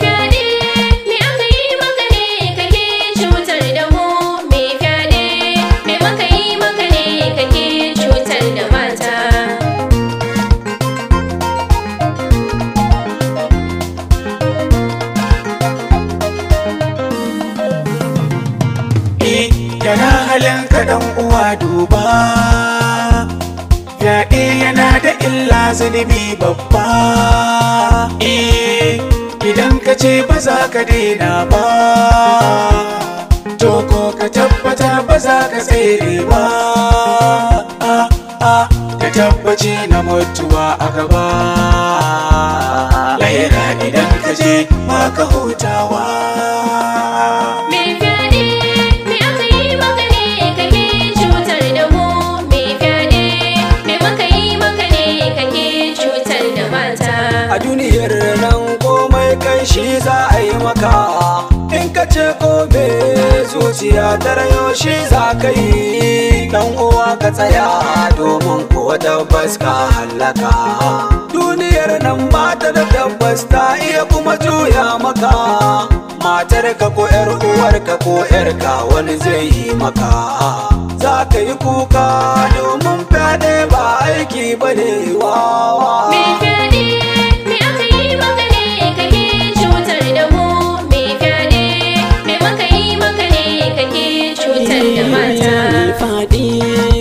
fyaɗe yi maka ne kake cutar da mu me fyaɗe me maka yi maka ne cutar da mata Yana eh, halin kaɗan uwa duba na da illa zunubi babba eh idan ka ce ba za ka daina ba to ko ka tabbata ba za ka tsere ba Ka ah, ah, tabbaci na mutuwa a gaba laira idan ka je ba ka hutawa shi za a maka in ka ce gobe zuciya ta rayo shi za ka yi dan uwa ka tsaya domin kuwa tabbas ka hallaka duniyar nan mata da tabbas ta iya kuma juya maka matar ka ko yar uwar ka ko yar ka wani zai yi maka za ka yi kuka domin fyaɗe ba aiki bane da mata faɗi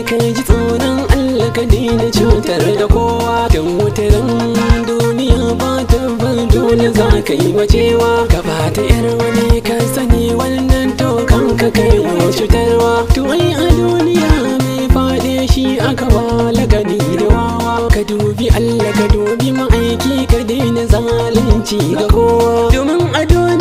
ka ji tsoron Allah ka daina cutar da kowa don wutaran duniya ba ta bar dole za ka yi macewa ka ba yar wani ka sani wannan to kan ka kai wa cutarwa to a duniya mai faɗe shi aka wala gani da wawa ka dubi Allah ka dubi ma'aiki ka daina zalunci ga kowa domin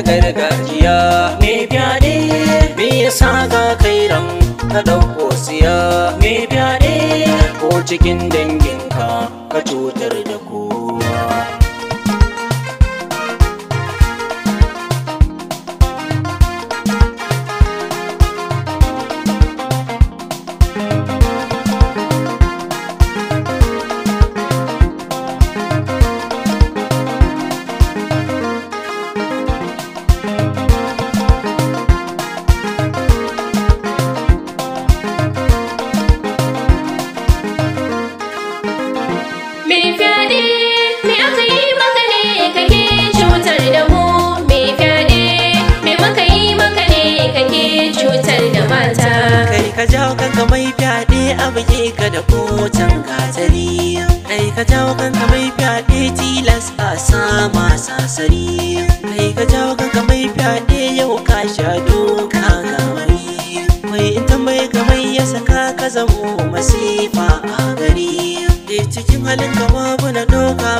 da gargajiya me fyaɗe me yasa ga kai ran ka ɗauko siya mai fyaɗe ko cikin danginka ka cutar da kowa ka jawo kanka mai fyaɗe a buge ka da kocan gatari kai ka jawo kanka mai fyaɗe tilas a sama sasari kai ka jawo kanka mai fyaɗe yau ka sha doka ga wani mai in tambaye ka ya saka ka zamo masifa a gari cikin halin ka babu na doka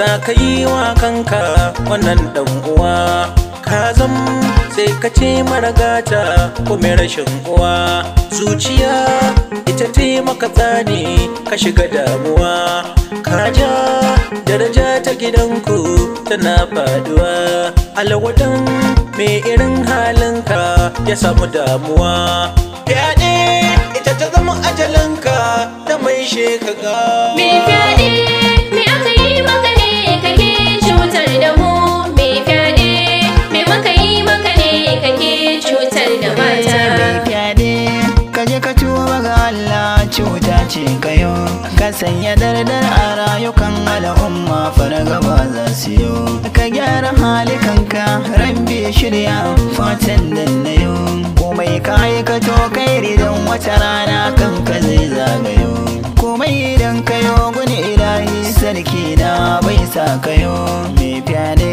za ka yi wa kanka wannan dan uwa ka zan sai ka ce mara gata ko mai rashin uwa zuciya ita ce maka tsani ka shiga damuwa ka ja daraja ta gidanku tana faduwa alwadan mai irin halinka ya samu damuwa fyaɗe ita ta zama ajalinka ta mai shekaga mai fyaɗe cuta ce kayo ka sanya dardar a rayukan al'umma gaba za su yi ka gyara halikanka rabbi shirya fatan dandayo komai ka aikato kai ridan wata rana kan ka zai zagayo komai idan kayo guni ilahi sarki na bai sa kayo mai fyaɗe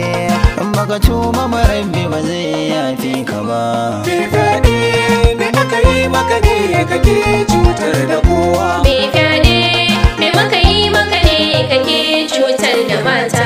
in baka tuma marabbi ba zai yafi ka ba. aka yi maka ne kake cutar da kowa me fyaɗe me maka yi maka ne kake cutar da mata